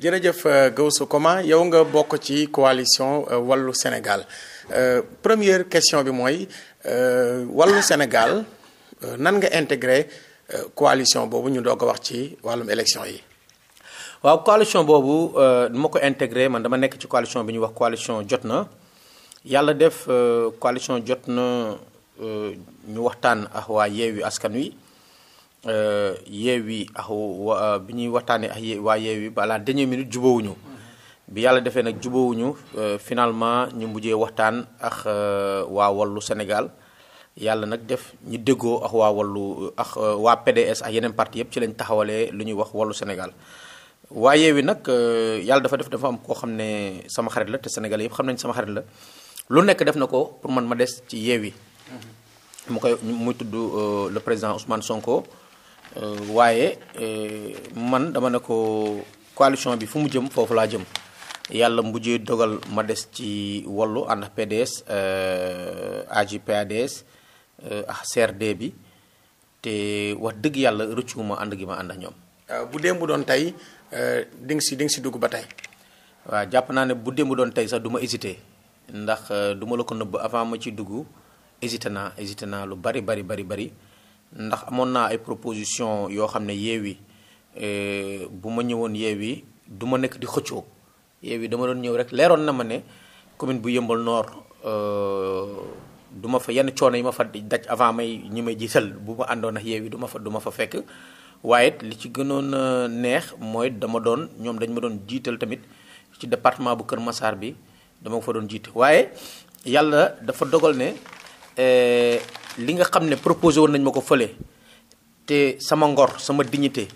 jërëjëf euh, Gaoussou Koma yow nga bokk ci coalition euh, wàllu Sénégal euh, première question bi mooy wàllu Sénégal nan nga intégré coalition boobu ñu doog a wax ci wàllum élection yi. waaw coalition boobu nu ma ko intégré man dama nekk ci coalition bi ñu wax coalition jot na yàlla def coalition jot na ñu waxtaan ak waa Yewwi Askan Wi. Euh, Yewwi ak wa bi ñuy waxtaanee ak waa Yewwi ba la dernière minute jubóowuñu bi yàlla defee nag jubóowuñu euh, finalement ñu mujjee waxtaan ak euh, waa Wallu Sénégal yàlla nag def ñu déggoo ak waa Wallu ak waa PDS ak yeneen parti yëpp ci lañ taxawalee lu ñuy wax Wallu Sénégal. waa Yewwi nag yàlla dafa def dafa am koo xam ne sama xarit la te Sénégal yëpp xam nañ sama xarit la lu nekk def na ko pour man ma des ci Yewwi mhm. mu koy muy tudd le président Ousmane Sonko. Euh, waaye euh, man dama ne ko coalition bi fu mu jëm foofu laa jëm yàlla mujjee dogal ma des ci wallu ànd ak PDS euh, AJ/PADS ak CRD bi te wax dëgg yàlla ma ànd gi ma ànd ak ñoom. bu démb doon tey di nga si di nga si dugg ba tey. waaw jàpp naa ne bu démb doon tey sax duma ma ndax duma la ko nëbb avant ma ci dugg hésité naa hésité naa lu bari bari bari bari. ndax amoon naa ay proposition yoo xam ne yéew Yewwi eh, bu ma ñëwoon Yewwi du ma nekk di xëccoo yi dama doon ñëw rek leeroon na ma ne commune bu Yeumbeul noor eh, du ma fa yenn coono yi ma fa daj avant may ñi may jiital bu ma àndoon ak Yewwi du ma fa duma fa fekk waaye li ci gënoon a eh, neex mooy dama doon ñoom dañ ma doon jiital tamit ci département bu Kër Massar bi dama ko fa doon jiit waaye yàlla dafa dogal ne li nga xam ne proposé woon nañ ma ko fële te sama ngor sama dignité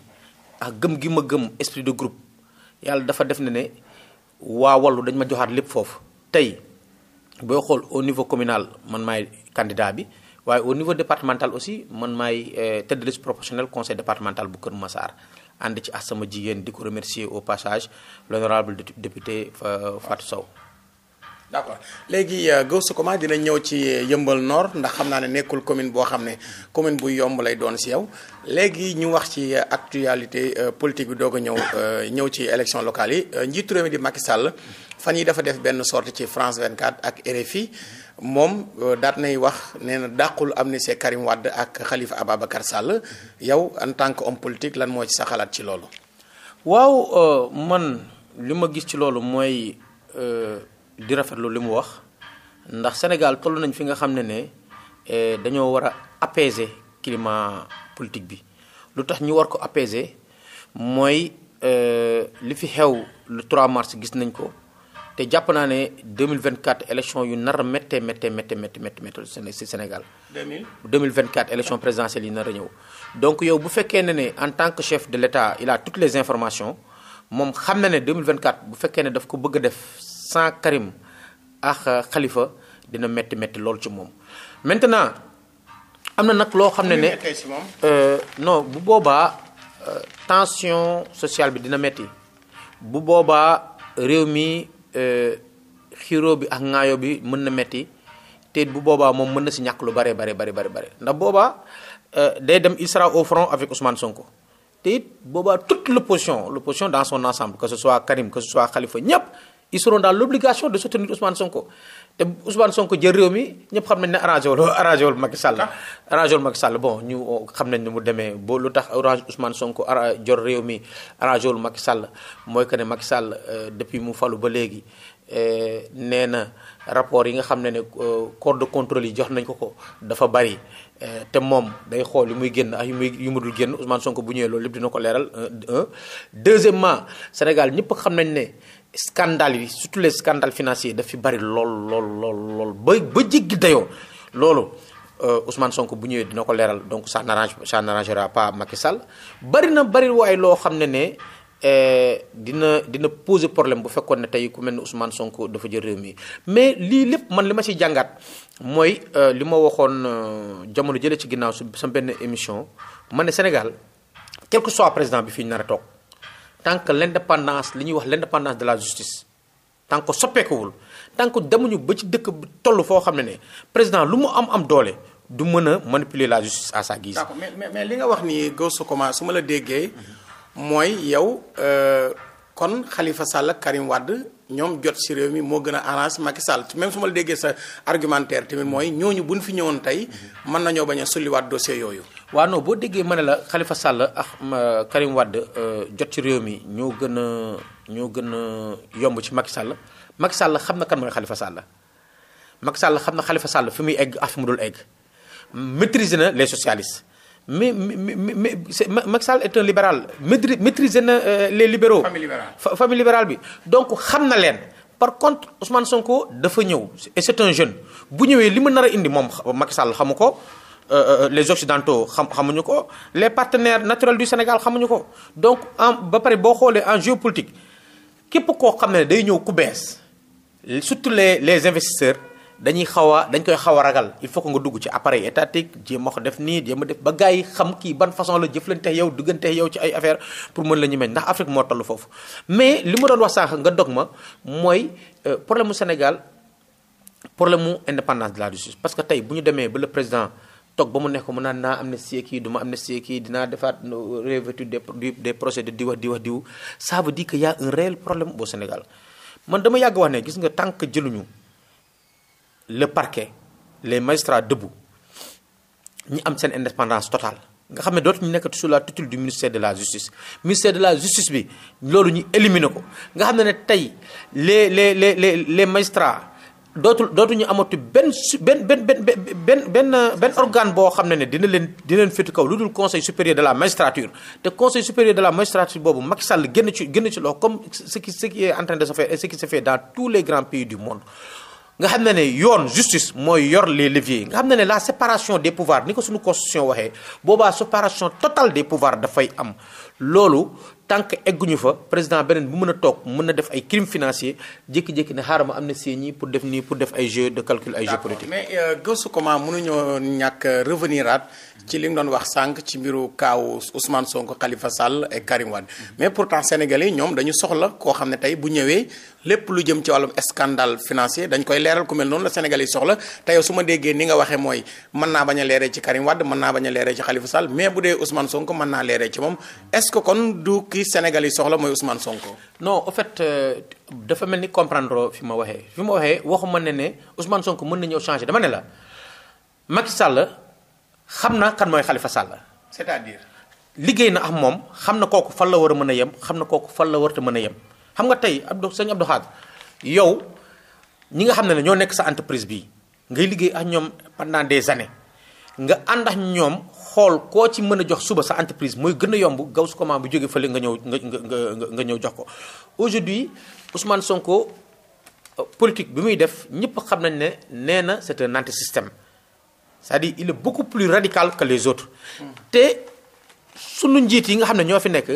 ak gëm gi ma gëm esprit de groupe yàlla dafa def na ne waa wallu dañ ma joxaat lépp foofu tey boo xool au niveau communal man maay candidat bi waaye au niveau départemental aussi man maay euh, tête de liste proportionnel conseil départemental bu Kër Massar ànd ci ak sama jigéen di ko remercier au passage l'honorable député euh, Fatou Sow d' accord léegi euh, Gaoussou Koma dina ñëw ci euh, yëmbal nord ndax xam naa ne nekkul commune boo xam ne commune buy yomb lay doon si yow léegi ñu wax ci euh, actualité politique bi doog a ñëw ñëw ci élection locale yi njiitu réew mi di Macky Sall fan yi dafa def benn sortie ci France 24 ak RFI moom daat nay wax nee na dàqul amnistie Karim Wade ak Khalifa Ababacar Sall yow en tant que homme politique lan moo ci sa xalaat ci loolu. waaw man li ma gis ci loolu mooy. di rafetlu li mu wax ndax Sénégal toll nañ fi nga xam ne ne eh, dañoo war a apaiser climat politique bi lu tax ñu war ko apaiser mooy eh, li fi xew le 3 mars gis nañ ko te jàpp naa ne 2024 élection yu nar a méttee méttee méttee méttee méttee si Sénégal. 2000 2024 élection présidentielle yi nar a ñëw. donc yow bu fekkee ne ne en tant que chef de l'État il a toutes les informations moom xam na ne 2024 bu fekkee ne daf ko bëgg a def. sans carime ak euh, Khalifa dina métti métti lool ci moom maintenant am na nag loo xam ne ne euh, no bu boobaa euh, tension sociale bi dina métti bu boobaa réew mi xiroo bi ak ŋaayo bi mën na metti te bu boobaa moom mën na si ñàkk lu bare bare bare bare ndax boobaa day dem il sera au front avec Ousmane Sonko te it boobaa toute l'opposition l'opposition dans son ensemble que ce soit Karim que ce soit Khalifa ñëpp ils seront dans l'obligation de soutenir Ousmane Sonko te Ousmane Sonko jël réew mi ñëpp xam nañ ne arrangé wul arrangé wul Macky Sall Sall bon ñu xam nañ ne mu demee ba lu tax orange Ousmane Sonko ara jor réew mi arrangé lu Macky Sall mooy que ne mag Sall euh, depuis mu falu ba léegi euh, nee na rapport yi nga xam ne ne euh, corps de contrôle yi jox nañ ko ko dafa bari te moom day xool yi muy génn ak yu muy yu mu dul génn Ousmane Sonko bu ñëwee loolu lépp dina ko leeral un deuxièmement Sénégal ñëpp xam nañ ne scandale yi surtout les scandales financiers daf fi bari lool lool lool lool ba ba jéggi dayoo loolu euh, usman Sonko bu ñëwee dina ko leeral donc ça n'arrange ça n'arrangera pas Macky Sall bari na bari waaye loo xam ne ne euh, dina dina poser problème bu fekkoon ne tey ku mel ni Ousmane Sonko dafa jël réew mi mais lii lépp man li ma si jàngat mooy euh, li ma waxoon jamono jële ci ginnaaw su sa benn émission ma ne Sénégal quel que soit président bi fi nar a toog. tant que l'indépendance li ñuy wax l'indépendance de la justice tant que soppeekuwul tant demuñu ba ci dëkk bi toll foo xam ne ne président lu mu am am doole du mën a manipuler la justice à sa guise. d'accord mais mais li nga wax ni Gaoussou Koma su ma la déggee. mooy yow euh, kon xalifa Sall ak Karim Wade. ñoom jot ci réew mi moo gën a arrange Macky Sall même su ma déggee sa argumentaire tamit mooy ñoo ñooñu buñ fi ñëwoon tey mën nañoo bañ a sulliwaat dossier yooyu. waaw non boo déggee ma ne la xalifa Sall ak Karim Wade euh, jot ci réew mi ñoo gën a ñoo gën a yomb ci Macky Sall Macky Sall xam na kan mooy xalifa Sall Macky Sall xam na Khalifa Sall fi muy egg ak fi mu dul egg maîtriser na les socialistes. mais mais mais Macky Sall est un libéral maîtrise maîtrise na euh, les libéro famille libérale libérale bi. donc xam na leen par contre Ousmane Sonko dafa ñëw et c'est un jeune bu ñëwee li mu nar a indi moom Macky Sall xamu ko. Euh, euh, euh, les occidentaux xam xamuñu ko les partenaire naturels du Sénégal xamuñu ko donc en ba pare boo xoolee en géopolitique képp koo xam ne day ñëw ku bees surtout les les investisseurs dañuy xaw a dañ koy xaw a ragal il faut que nga dugg ci appareil étatique jéem ma ko def nii jéem a def ba gars yi xam kii ban façon la jëflante yow diggante yow ci ay affaire pour mën la ñu meñ ndax Afrique moo toll foofu mais li mu doon wax sànq nga dog ma mooy euh, problème mu Sénégal problème mu indépendance de la justice parce que tey bu ñu demee ba le président toog ba mu nekk mu naan naa amnistie kii du ma amnistie kii dinaa defaat euh, revêtu des des procès de di wax di wax diw ça veut dire réel problème au Sénégal man dama yàgg wax ne gis nga tant que jëluñu le parquet les magistrats debout ñu am seen indépendance totale nga xam ne dootuñu nekkati sous la tutelle du ministère de la justice ministère de la justice bi loolu ñu éliminer ko nga xam ne ne tey les les les les les magistrats. dootul dootuñu amatu benn su benn benn benn benn benn boo xam ne ne dina leen dina leen fétu kaw lu dul conseil supérieur de la magistrature te conseil supérieur de la magistrature boobu Macky Sall génn ci génn ci loo comme ce qui ce qui est en train de qui se fait dans tous les grands pays du monde nga xam ne ne yoon justice mooy yor les leviers nga xam ne ne la séparation des pouvoirs ni ko suñu constitution waxee boobaa séparation totale des pouvoirs dafay am loolu tant que egguñu fa président beneen bu mën a toog mën na def ay crime financier jékki-jékki ne xaaral ma am na seen ñi pour def nii pour def ay jeu de calcul ay jeu politique. mais euh, gëstu comment euh, revenir aat ci li nga doon wax sànq ci mbiru kaawu Ousmane Sonko Khalifa Sall et Karim Wade mm-hmm. mais pourtant sénégalais ñoom dañu soxla koo xam ne tey bu ñëwee lépp lu jëm ci wàllum scandale financier dañ koy leeral ku mel noonu la sénégalais soxla te ma déggee ni nga waxee mooy mën naa bañ a leeree ci Karim Wade mën naa bañ a leeree ci Khalifa Sall mais bu dee Ousmane sonk mën naa leeree ci moom est-ce du ki Sénégal yi soxla mooy Ousmane Sonko. non en fait euh, dafa mel ni comprendre fi ma waxee fi ma waxee waxuma ne ne Ousmane Sonko mën na ñëw changer dama ne la Macky Sall xam na kan mooy xalifa Sall. c'est-à-dire. liggéey na ak moom xam na kooku fan la war a mën a yem xam na kooku fan la warut mën a yem xam nga tey Abdou sëñ Abdou Khadre yow ñi nga xam ne ñoo nekk sa entreprise bi ngay liggéey ak ñoom pendant des années nga ànd ak ñoom. xool koo ci mën a jox suba sa entreprise mooy gën a yomb gaw su commande bu jóge fële nga ñëw nga nga nga nga ñëw jox ko. aujourd'hui Ousmane Sonko euh, politique bi muy def ñëpp xam nañ ne nee na c'est un anti-système c'est-à-dire il est beaucoup plus radical que les autres. Hmm. te sunu njiit yi nga xam ne ñoo fi nekk.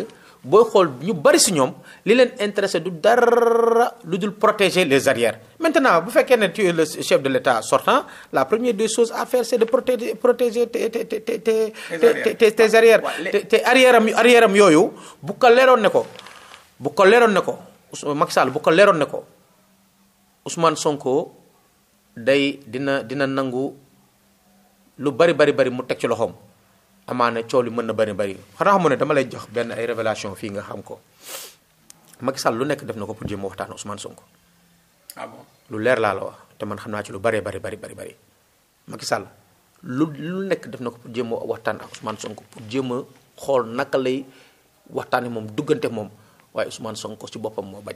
booy xool ñu bari si ñoom li leen intéressé du dara lu dul protéger les arrières maintenant bu fekkee ne tu le chef de l'État sortant la première des choses à faire c'est de protéger protéger te te te te te tes arrières te yooyu bu ko leeroon ne ko bu ko leeroon ne ko Macky Sall bu ko leeroon ne ko Ousmane Sonko day dina dina nangu lu bari bari bari mu teg ci loxoom amaana coow li mën na bari bëri xanaa xamoon ne dama lay jox benn ay révélation fii nga xam ko Macky Sall lu nekk def na ko pour jéem a waxtaan Ousmane Sonko. Ah leer laa la wax te man xam naa ci lu bëree bëri bëri bëri Macky Sall lu nekk def na ko pour waxtaan ak Ousmane Sonko pour jéem a xool naka lay waxtaanee moom duggante moom waaye Ousmane Sonko si boppam moo bañ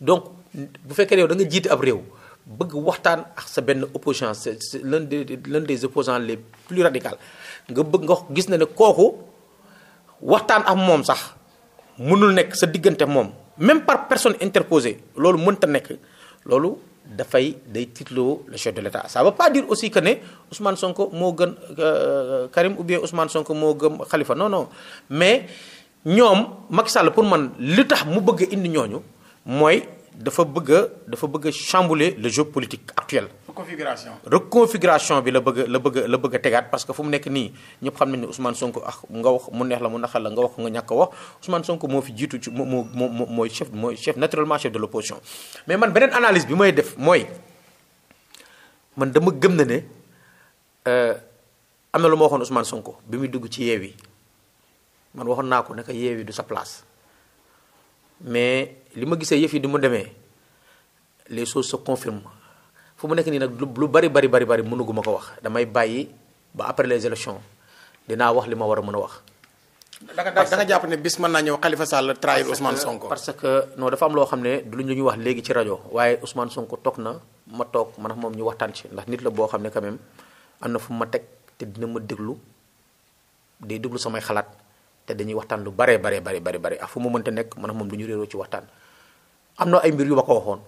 donc bu fekkee yow da nga jiite ab réew. bëgg waxtaan ak sa benn opposant c'est l'un des l'un des opposants les plus radicaux nga bëgg nga gis na ne kooku waxtaan ak moom sax mënul nekk sa diggante moom même par personne interposée loolu mënta nekk loolu dafay day titloo le chef de l'État saa ba pas dire aussi que ne Ousmane Sonko moo gën euh, Karim oubien bien Ousmane Sonko moo gëm xalifa non non mais ñoom Macky Sall pour man li tax mu bëgg indi ñooñu mooy. dafa bëgg a dafa bëgg a chambouler le jeu politique actuel. reconfiguration reconfiguration bi la bëgg la bëgg la bëgg tegaat parce que fu mu nekk nii ñëpp xam nañ ne Ousmane Sonko ah nga wax mu neex la mu naxal la nga wax nga ñàkk a wax Ousmane Sonko moo fi jiitu ci moo moo moo mooy chef mooy chef naturellement chef de l'opposition. mais man beneen analyse bi may def mooy man dama gëm na ne euh, am na lu ma waxoon Ousmane Sonko bi muy dugg ci Yewwi man waxoon naa ko ne Yewwi du sa place. mais li ma gisee yëf yi di mu demee les choses se confirme fu mu nekk nii nag lu bari bari bari bari mënuguma ko wax damay bàyyi ba après les élections dinaa wax li ma war a mën a wax. da nga da jàpp ne bis mën naa ñëw Khalifa Sall trahir Ousmane Sonko. parce que non dafa am loo xam ne du lu ñu wax léegi ci rajo waaye Ousmane Sonko toog na ma toog man ak moom ñu waxtaan ci ndax nit la boo xam ne quand même am na fu ma teg te dina ma déglu day déglu samay xalaat. te dañuy waxtaan lu baree baree bari bari bari ak fu mu mënta nekk man ak moom du ñu réeroo ci waxtaan am na ay mbir yu ma ko waxoon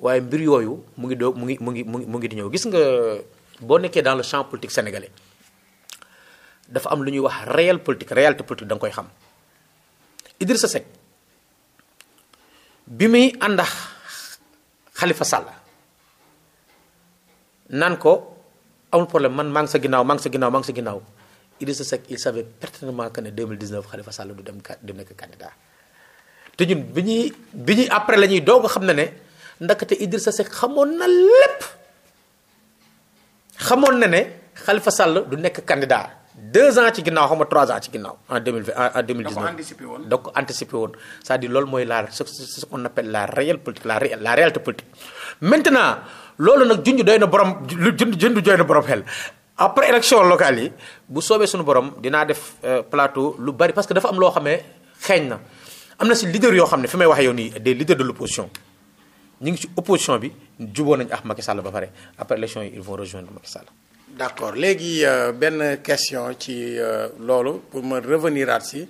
waaye mbir yooyu mu ngi doo mu ngi mu ngi mu ngi mu ngi di ñëw gis nga boo nekkee dans le champ politique sénégalais dafa am lu ñuy wax réel politique réalité politique da nga koy xam sa Seck bi muy àndax Khalifa Sall naan ko amul problème man maa ngi sa ginnaaw maa ngi sa ginnaaw maa ngi sa ginnaaw Idrissa Seck il savait pertinemment que ne 2019 Khalifa Sall du dem du nekk candidat te ñun bi ñuy bi ñuy après la ñuy doog xam ne ne ndakate Idrissa Seck xamoon na lépp xamoon na ne Khalifa Sall du nekk candidat deux ans ci ginnaaw xam nga trois ans ci ginnaaw en 2020 en 2019 da ko anticipé woon da ko anticipé woon cest à loolu mooy la ce ce qu'on appelle la réelle politique la la réalité politique maintenant loolu nag junj doy na borom lu junj doy na borom xel. après élection locale yi bu soobee suñu borom dinaa def euh, plateau lu bari parce que dafa am loo xamee xeeñ na am na si leader yoo xam ne fi may waxee yoon yi des leaders de l'opposition ñu ngi ci opposition bi juboo nañu ak Macky Sall ba pare après élection yi ils vont rejoindre Macky Sall. d'accord léegi euh, benn question ci euh, loolu pour ma revenir aat si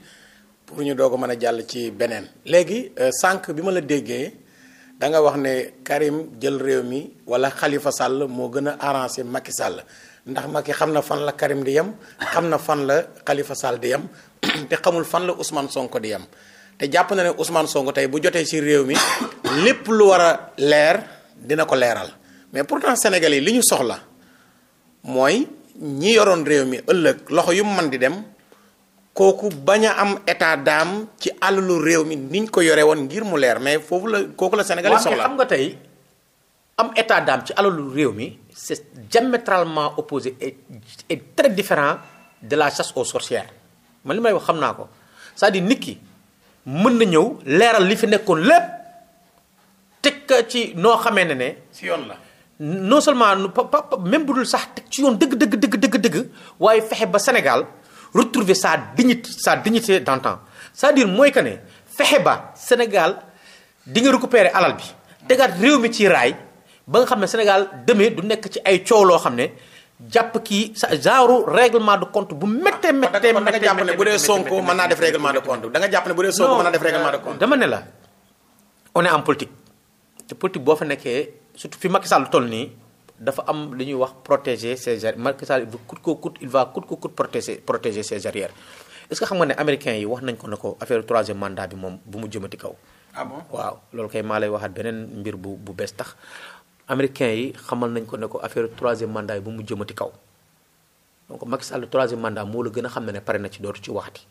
pour ñu doo ko mën a jàll ci beneen léegi sànq bi ma la déggee da nga wax ne Karim jël réew mi wala Khalifa Sall moo gën a arrangé Macky ndax Macky xam na fan la Karim di yem xam na fan la Khalifa Sall di yem te xamul fan la Ousmane Sonko di yem te jàpp na ne Ousmane Sonko tey bu jotee ci réew mi lépp lu war a leer dina ko leeral mais pourtant Sénégalais yi li ñu soxla mooy ñi yoroon réew mi ëllëg loxo yu man di dem kooku bañ a am état d'âme ci àllalu réew mi niñ ko yore woon ngir mu leer mais foofu la kooku la Sénégalais soxla xam nga tey am état d'âme ci àllalu réew mi. c'est diamétralement opposé et très différent de la chasse aux sorcières man li may wax xam naa ko c'est-à-dire nit ki mën na ñëw leeral li fi nekkoon lépp teg ci noo xamee ne ne. si yoon la. non seulement même bu dul sax ci yoon dëgg dëgg dëgg dëgg dëgg waaye fexe ba Sénégal retrouver sa dignité sa dignité d'antan c'est-à-dire mooy que ne fexe ba Sénégal di nga récupérer alal bi tegaat réew mi ci raay. ba nga xam ne Sénégal demee du nekk ci ay coow loo xam ne jàpp kii sa genre règlement de compte bu méttee ah, méttee da nga jàpp ne def règlement de compte da nga jàpp ne bu dee Sonko mën naa def règlement euh, te politique boo fa nekkee surtout fi Macky Sall toll nii dafa am li ñuy wax protéger ses arrières Macky Sall coûte que coûte il va coûte que coûte protéger protéger ses yi wax nañ ko ne ko affaire troisième mandat bi moom bu mu jëmati kaw ah bon loolu kay maa lay waxaat beneen mbir bu bu bees tax américain yi xamal nañ ko ne ko affaire troisième mandat yi bu mu jëmati kaw donc Macky Sall troisième mandat moo la gën a xam ne ne pare na ci dootu ci waxati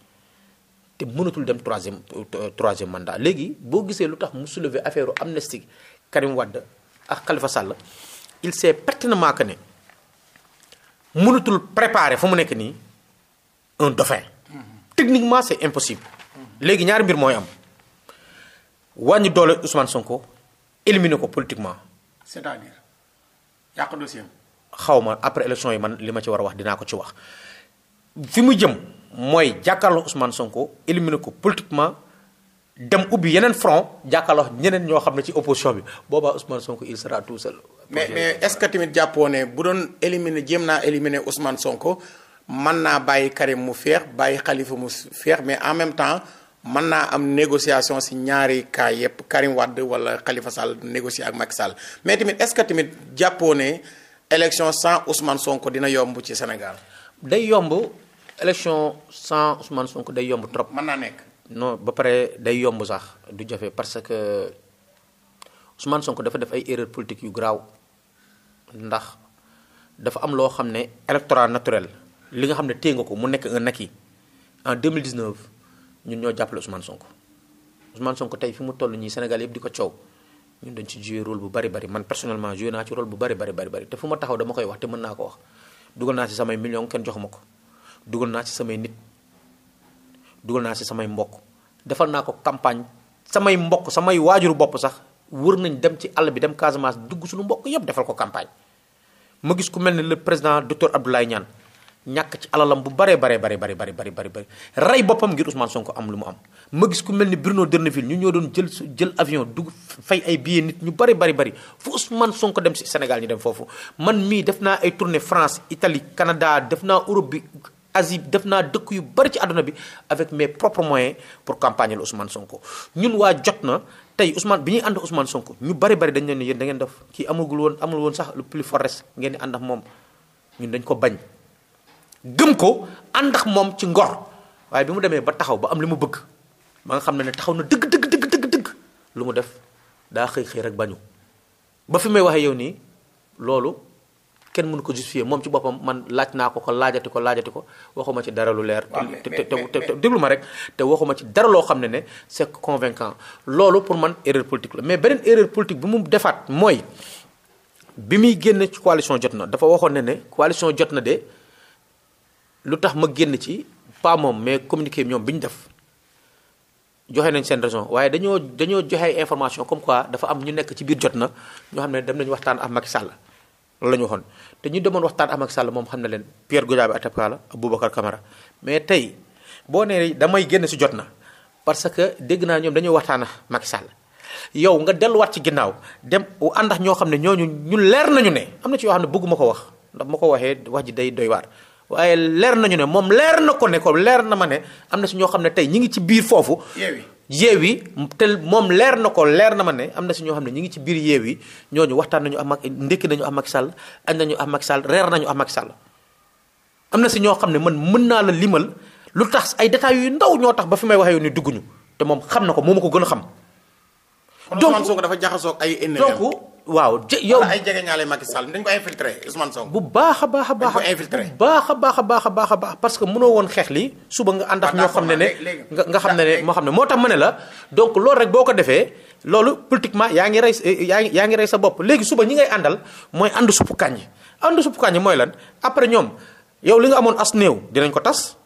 te mënatul dem troisième euh, troisième mandat léegi boo gisee lu tax mu soulever affaire amnistie Karim Wade ak Khalifa Sall il sait pertinemment que ne mënatul préparer fu mu nekk nii un dauphin. techniquement c' est impossible. léegi ñaari mbir mooy am wàññi doole Ousmane Sonko éliminer ko politiquement. c'est-à-dire yàq dossier xaw ma après élection yi man li ma ci war a wax dinaa ko ci wax fi mu jëm mooy jàkkaarloo Ousmane Sonko éliminer ko politiquement dem ubbi yeneen front jàkkaarloo ñeneen ñoo xam ne ci opposition bi booba Ousmane Sonko il sera tout seul. mais mais est-ce que tamit jàppoo ne bu doon éliminer jéem naa éliminer Ousmane Sonko mën naa bàyyi Karim mu feex bàyyi Khalifa mu feex mais en même temps. mën naa am négociation si ñaari cas yëpp Karim Wade wala Khalifa Sall négocier ak Macky Sall mais tamit est-ce que tamit jàppoo ne élection sans Ousmane Sonko dina yomb ci Sénégal. day yomb élection sans Ousmane Sonko day yomb trop. man naa nekk. non ba pare day yomb sax du jafe parce que Ousmane Sonko dafa def ay erreur politique yu garaaw ndax dafa am loo xam ne électorat naturel li nga xam ne téye nga ko mu nekk un acquis en ñun ñoo jàppale Ousmane sonk Ousmane Sonko tey fi mu toll ñii Sénégal yëpp di ko coow ñun dañ ci joué bu bari bari man personnellement joué naa bu bari bari bari bari te fu ma koy wax te ko wax dugal naa ci samay million kenn jox ma ko dugal naa ci samay nit dugal naa ci samay mbokk defal naa ko campagne samay mbokk samay waajuru bopp sax wër nañ dem ci àll bi dem Casamance dugg suñu mbokk yëpp defal ko campagne ma gis ku mel ne le président docteur Abdoulaye ñaan ñàkk ci alalam bu bare bare bare bare bare bare bare bare rey boppam ngir Ousmane Sonko am lu mu am ma gis ku mel ni Bruno Derneville ñu ñoo doon jël jël avion dugg fay ay billets nit ñu bari bari bari fu Ousmane Sonko dem ci Sénégal ñu dem foofu man mii def naa ay tournée France Italie kanadaa def naa Europe bi Asie def naa dëkk yu bari ci àdduna bi avec mais propres moyens pour campagne la Ousmane Sonko ñun waa jot na tey Ousmane bi ñuy ànd Ousmane Sonko ñu bari bari dañ leen ne yéen da ngeen def kii amagul woon woon sax le plus fort reste di ànd ak moom ñun dañ ko bañ gëm ko ànd ak moom ci ngor waaye bi mu demee ba taxaw ba am li mu bëgg ma nga xam ne ne taxaw na dëgg dëgg dëgg dëgg lu mu def daa xëy xëy rek bañu ba fi may waxee yow nii loolu kenn mënu ko justifier moom ci boppam man laaj naa ko ko laajati ko laajati ko waxuma ci dara lu leer. te te te déglu ma rek te waxuma ci dara loo xam ne ne c'est convaincant loolu pour man erreur politique la mais beneen erreur politique bi mu defaat mooy bi muy génn ci coalition jot na dafa waxoon ne ne coalition jot na de. lu tax ma génn ci pas moom mais communiqué ñoom bi ñu def joxe nañ seen raison waaye dañoo dañoo joxe information comme quoi dafa am ñu nekk ci biir jot na ñoo xam ne dem nañu waxtaan ak Macky Sall loolu la ñu waxoon te ñu demoon waxtaan ak Macky moom xam ne leen Pierre Goudiaby Atepa la Aboubacar kamara mais tey boo nee damay génn si jot na parce que dégg naa ñoom dañoo waxtaan a Macky Sall yow nga delluwaat ci ginnaaw dem ànd àndax ñoo xam ne ñooñu ñun leer nañu ne am na ci yoo xam ne bëgguma ko wax ndax ma ko waxee wax ji day doy waaye leer nañu ne moom leer na ko ne ko leer na ma ne am na si ñoo xam ne tey ñi ngi ci biir foofu. yeewi te moom leer na ko leer na ma ne am na si ñoo xam ne ñi ngi ci biir yeewi ñooñu waxtaan nañu am ndékki nañu am ak sàll añ nañu am ak reer nañu am am na si ñoo xam ne man mën naa la limal lu tax ay détails yu ndaw ñoo tax ba fi may waxee ni dugguñu te moom xam na ko moo ma ko gën a xam. donc dafa jaxasoo ay donc waaw yow ay a Macky Sall dañ ko infiltré Ousmane Sonko bu baax a baax a baax bu baax a baax a baax a baax a baax parce que mënoo woon xeex li suba nga ànd ak ñoo xam ne ne nga nga xam ne ne moo ne moo tax ma ne la donc loolu rek boo ko defee loolu politiquement yaa ngi rey eh, yaa yaa ngi rey sa bopp léegi suba ñi ngay àndal mooy ànd suppu kàññ ànd suppu kàññ mooy lan après ñoom yow li nga amoon as néew dinañ ko tas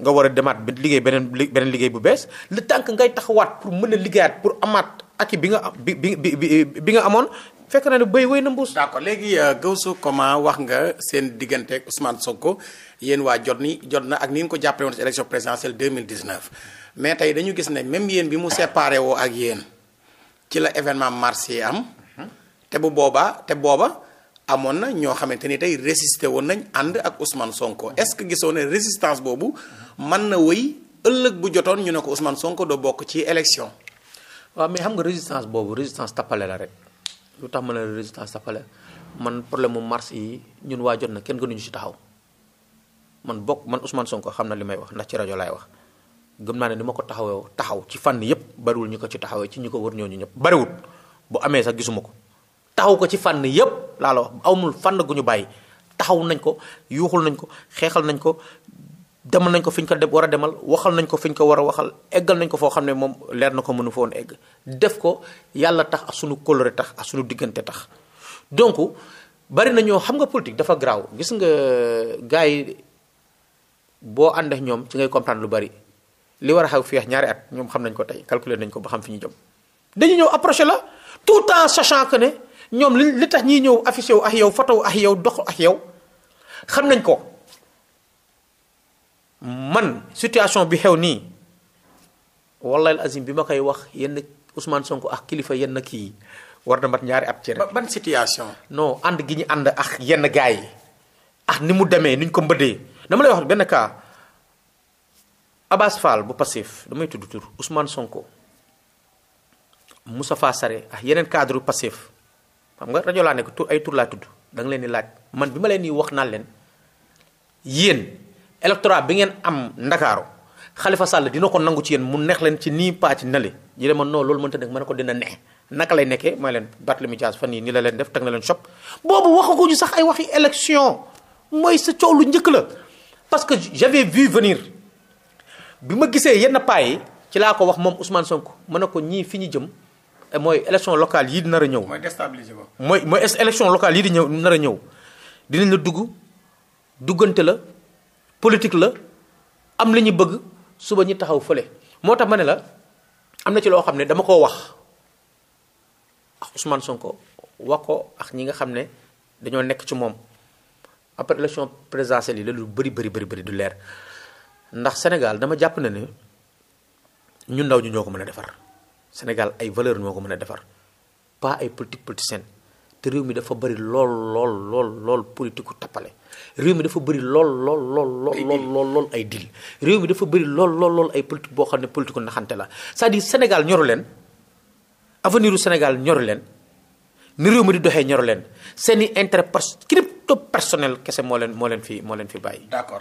nga war a demaat liggéey beneen beneen liggéey bu bees li tànk ngay taxawaat pour mën a liggéeyaat pour amaat ak bi nga bi bi bi bi nga amoon fekk na ne béy wéy na mbuus. ko léegi euh, Gaoussou comment wax nga seen diggante ak Ousmane Sonko yéen waa jot ni jot na ak ni ñu ko jàppale woon ci élection présidentielle 2019 mais tey dañu gis ne même yéen bi mu séparé woo ak yéen ci la événement mars yi am. Mhm. te bu boobaa te booba amoon na ñoo xamante ni tey résister woon nañ ànd ak Ousmane Sonko est-ce que gisoo ne résistance boobu man na wéy ëllëg bu jotoon ñu ne ko Ousmane Sonko doo bokk ci élection. waaw mais xam nga résistance boobu résistance tappale la rek lu tax ma ne résistance tappale man problème mu mars yi ñun waa jot na kenn ñu ci taxaw man bokk man son ko xam na li may wax ndax ci rajo laay wax gëm naa ne ni ma ko taxawee taxaw ci fànn yépp bariwul ñu ko ci taxawee ci ñi ko wër ñooñu ñëpp bariwul bu amee sax gisuma ko taxaw ko ci fànn yépp laa la wax amul fànn gu ñu bàyyi taxaw nañ ko yuuxul nañ ko xeexal nañ ko demal nañ ko fi ñu ko de war a demal waxal nañ ko fi ñu ko war a waxal eggal nañ ko foo xam ne moom leer na ko mënu fa woon egg def ko yàlla tax ak sunu coloré tax ak sunu diggante tax donc bari na ñoo xam nga politique dafa garaaw gis nga gars yi boo ànd ñoom ci ngay comprendre lu bari li war a xew fii ñaari at ñoom xam nañ ko tey calculer nañ ko ba xam fi ñu jëm dañu ñëw approché la tout temps sachant que ne ñoom li li tax ñiy ñëw affiché wu ak yow foto wu ak yow dox ak yow xam nañ ko. man situation bi xew nii wallahi azim bi ma koy wax yenn usman Sonko ak kilifa yenn kii war na ñaari ab ci rek ban situation. non ànd gi ñu ànd ak yenn gars yi ak ni mu demee ni ko mbëddee dama lay wax benn cas Abass Fall bu Pastef damay tudd tur Ousmane Sonko Moustapha Sarré ak yeneen cadre Pastef xam nga rajo laa nekk tur ay tur laa tudd da leen di laaj man bi ma leen di wax naan leen yéen. électorat bi ngeen am ndakaaru Khalifa Sall dina ko nangu ci yéen mu neex leen ci nii paa ci nale yi ne ma non loolu mënta nekk ma ne ko dina ne naka lay nekkee mooy leen Barthélemy Dias fan yii nii la leen def teg na leen choc boobu waxaguñu sax ay waxi élection mooy sa coow lu njëkk la parce que j'avais vu venir bi ma gisee yenn paa yi ci laa ko wax moom Ousmane Sonko ma ne ko ñii fi ñu jëm mooy élection locale yii di a ñëw. mooy déstabiliser ko. mooy mooy élection locale yii di ñëw nar a ñëw dinañ la dugg duggante la. politique la am li ñu bëgg suba ñu taxaw fële moo tax ma ne la am na ci loo xam ne dama ko wax ak Ousmane Sonko wax ko ak ñi nga xam ne dañoo nekk ci moom après élection présidentielle yi la lu bari bari bari bëri du leer ndax Sénégal dama jàpp na ne ñun ndaw ñu ñoo ko mën a defar Sénégal ay valeur ñoo ko mën a defar pas ay politique politicienne te réew mi dafa bëri lool lool lool lool politique ku tappale réew mi dafa bëri lool lool lool lool lool lool lool ay dil réew mi dafa bëri lool lool lool ay politique boo xam ne politique ku naxante la cest di dire Sénégal ñoru leen avenir senegal Sénégal ñoru leen ni réew mi di doxee ñoru leen seen i intérêt crypto personnel kese moo leen moo leen fi moo leen fi bàyyi d'accord